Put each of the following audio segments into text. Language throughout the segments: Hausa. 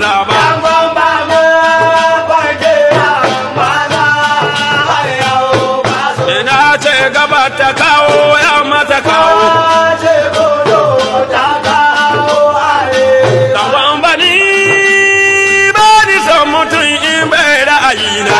da ba. Bangon bama kwanke maza yau bazo. Ina ce gaba ta kawo ya mata kawo. ce kodo ta kawo are. Bangon bani ba ni son mutum in bai ra'ayina.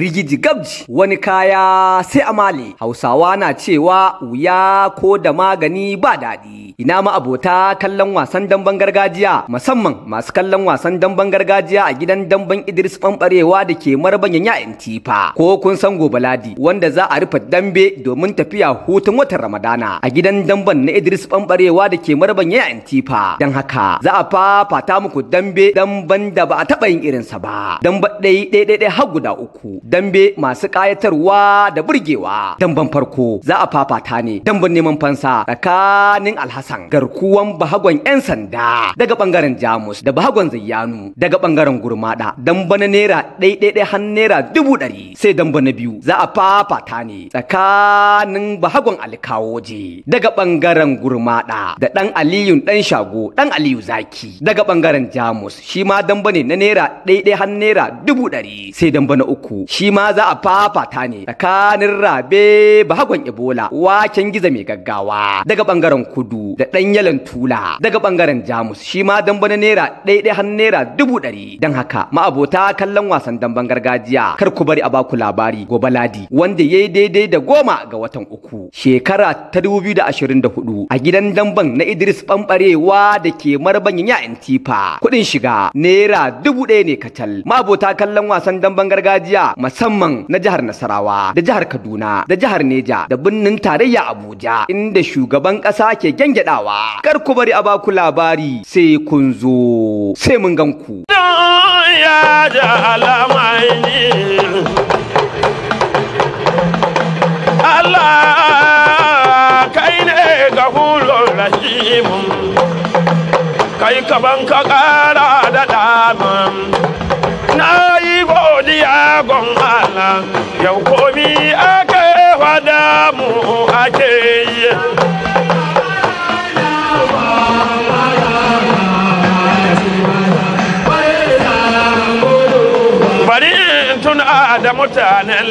Rigiji gabji wani kaya sai amale Hausawa na cewa wuya ko da magani ba daɗi. Ina ma abota kallon wasan damben gargajiya musamman masu kallon wasan damben gargajiya a gidan damben Idris Bambarewa da ke marbanyan ya Intifa ko kun san gobe Ladi wanda za a rufe dambe domin tafiya hutun watan Ramadana a gidan damben na Idris Bambarewa da ke marbanyan ya Intifa. Don haka za a fafata muku dambe damban da ba a taɓa yin irin sa ba. damba dai dai dai har guda uku. Dambe masu ƙayatarwa da burgewa. damban farko za a fafata ne damban neman fansa tsakanin alha Hassan garkuwan bahagon 'yan sanda daga bangaren Jamus da bahagon Zayyanu daga bangaren Gurmada dan bana naira ɗaiɗaiɗai har naira dubu ɗari sai dan bana biyu za a fafata ne tsakanin bahagon Alkawoje daga bangaren Gurmada da dan Aliyun dan Shago dan Aliyu Zaki daga bangaren Jamus shi ma dan bane na naira ɗaiɗaiɗai har naira dubu ɗari sai dan bana uku shi ma za a fafata ne tsakanin Rabe bahagon Ebola waken gizo mai gaggawa daga bangaren Kudu da ɗan yalan tula daga ɓangaren Jamus shi ma damba na naira ɗaiɗai har naira dubu ɗari. Don haka ma'abota kallon wasan damben gargajiya kar ku bari a baku labari gobe ladi wanda ya yi daidai da goma ga watan uku shekara ta dubu biyu da ashirin da hudu a gidan damben na Idris Ɓamɓarewa da ke marbanyin ya'yan tifa kuɗin shiga naira dubu ɗaya ne kacal ma'abota kallon wasan damben gargajiya musamman na jihar Nasarawa da jihar Kaduna da jihar Neja da birnin tarayya Abuja inda shugaban ƙasa ke gyangyaɗa kidawa kar ku bari a baku ku labari sai kun zo sai mun gan ku ya Allah kai ne gafurur rahim kai kaban ka kara da dama na yi godiya gon Allah yau komi ake fada mu ake yi adamu ta